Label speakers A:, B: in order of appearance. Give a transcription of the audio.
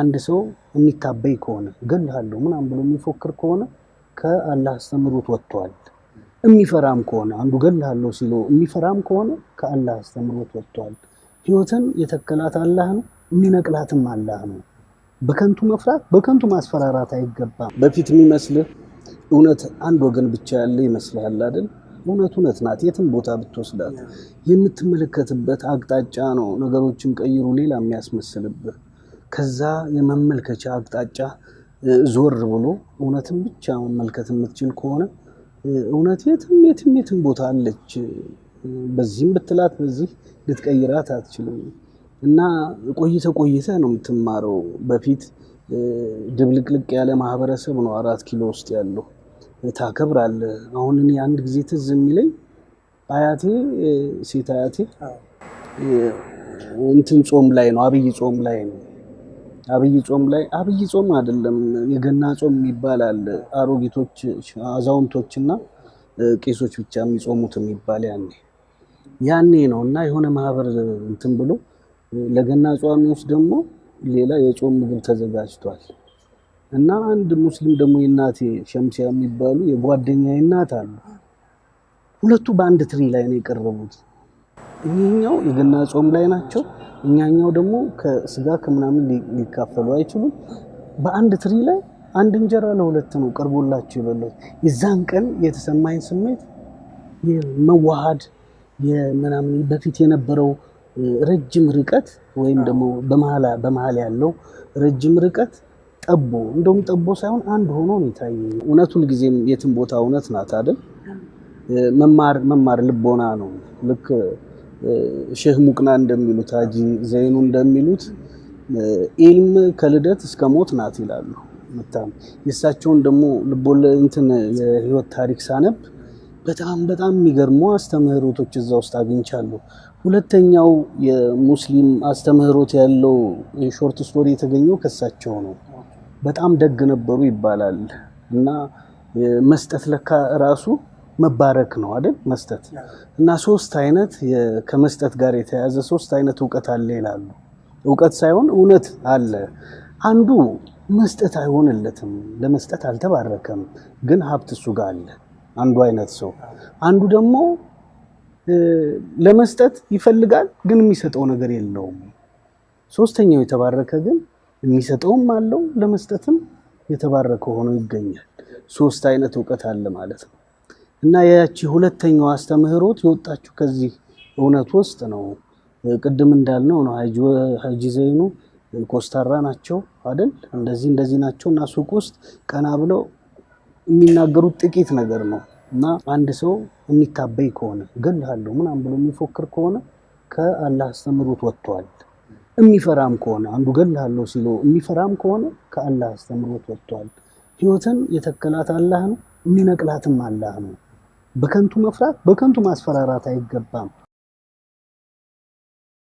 A: አንድ ሰው የሚታበይ ከሆነ እገልሃለሁ ምናምን ብሎ የሚፎክር ከሆነ ከአላህ አስተምሮት ወጥቷል። የሚፈራም ከሆነ አንዱ እገልሃለሁ ሲሎ የሚፈራም ከሆነ ከአላህ አስተምሮት ወጥቷል። ህይወትን የተከላት አላህ ነው፣ የሚነቅላትም አላህ ነው። በከንቱ መፍራት በከንቱ ማስፈራራት አይገባም። በፊት የሚመስልህ እውነት አንድ ወገን ብቻ ያለ ይመስልሃል አይደል? እውነት እውነት ናት። የትም ቦታ ብትወስዳት የምትመለከትበት አቅጣጫ ነው ነገሮችን ቀይሩ ሌላ የሚያስመስልብህ ከዛ የመመልከቻ አቅጣጫ ዞር ብሎ እውነትን ብቻ መመልከት የምትችል ከሆነ እውነት የትም የትም የትም ቦታ አለች። በዚህም ብትላት በዚህ ልትቀይራት አትችልም እና ቆይተ ቆይተ ነው የምትማረው። በፊት ድብልቅልቅ ያለ ማህበረሰብ ነው አራት ኪሎ ውስጥ ያለው ታከብራለህ። አሁን እኔ አንድ ጊዜ ትዝ የሚለኝ አያቴ ሴት አያቴ እንትን ጾም ላይ ነው አብይ ጾም ላይ ነው አብይ ጾም ላይ አብይ ጾም አይደለም የገና ጾም ይባላል። አሮጊቶች አዛውንቶችና ቄሶች ብቻ የሚጾሙት የሚባል ያኔ ያኔ ነው እና የሆነ ማህበር እንትን ብሎ ለገና ጿሚዎች ደግሞ ሌላ የጾም ምግብ ተዘጋጅቷል እና አንድ ሙስሊም ደግሞ የእናቴ ሸምሲያ የሚባሉ የጓደኛ እናት አሉ። ሁለቱ በአንድ ትሪ ላይ ነው የቀረቡት። ይህኛው የገና ጾም ላይ ናቸው እኛኛው ደግሞ ከስጋ ከምናምን ሊካፈሉ አይችሉም። በአንድ ትሪ ላይ አንድ እንጀራ ለሁለት ነው ቀርቦላቸው የበሉት። የዛን ቀን የተሰማኝ ስሜት የመዋሃድ የምናምን በፊት የነበረው ረጅም ርቀት ወይም ደግሞ በመሀል ያለው ረጅም ርቀት ጠቦ እንደውም ጠቦ ሳይሆን አንድ ሆኖ ነው የታየ። እውነት ሁልጊዜም የትም ቦታ እውነት ናት አይደል? መማር መማር ልቦና ነው ልክ ሼህ ሙቅና እንደሚሉት ሀጂ ዘይኑ እንደሚሉት ኢልም ከልደት እስከ ሞት ናት ይላሉ። በጣም የእሳቸውን ደግሞ ልቦለ እንትን የህይወት ታሪክ ሳነብ በጣም በጣም የሚገርሙ አስተምህሮቶች እዛ ውስጥ አግኝቻለሁ። ሁለተኛው የሙስሊም አስተምህሮት ያለው የሾርት ስቶሪ የተገኘው ከሳቸው ነው። በጣም ደግ ነበሩ ይባላል እና መስጠት ለካ ራሱ መባረክ ነው አይደል? መስጠት እና ሶስት አይነት ከመስጠት ጋር የተያያዘ ሶስት አይነት እውቀት አለ ይላሉ። እውቀት ሳይሆን እውነት አለ። አንዱ መስጠት አይሆንለትም፣ ለመስጠት አልተባረከም፣ ግን ሀብት እሱ ጋር አለ። አንዱ አይነት ሰው። አንዱ ደግሞ ለመስጠት ይፈልጋል፣ ግን የሚሰጠው ነገር የለውም። ሶስተኛው የተባረከ ግን የሚሰጠውም አለው፣ ለመስጠትም የተባረከ ሆኖ ይገኛል። ሶስት አይነት እውቀት አለ ማለት ነው። እና ያቺ ሁለተኛው አስተምህሮት የወጣችሁ ከዚህ እውነት ውስጥ ነው። ቅድም እንዳልነው ነው። ሀጂ ዘይኑ ኮስታራ ናቸው አይደል? እንደዚህ እንደዚህ ናቸው እና ሱቅ ውስጥ ቀና ብለው የሚናገሩት ጥቂት ነገር ነው እና አንድ ሰው የሚታበይ ከሆነ እገልሃለሁ ምናምን ብሎ የሚፎክር ከሆነ ከአላህ አስተምህሮት ወጥቷል። የሚፈራም ከሆነ አንዱ እገልሃለሁ ሲለው የሚፈራም ከሆነ ከአላህ አስተምህሮት ወጥቷል። ህይወትን የተከላት አላህ ነው፣ የሚነቅላትም አላህ ነው። በከንቱ መፍራት፣ በከንቱ ማስፈራራት አይገባም።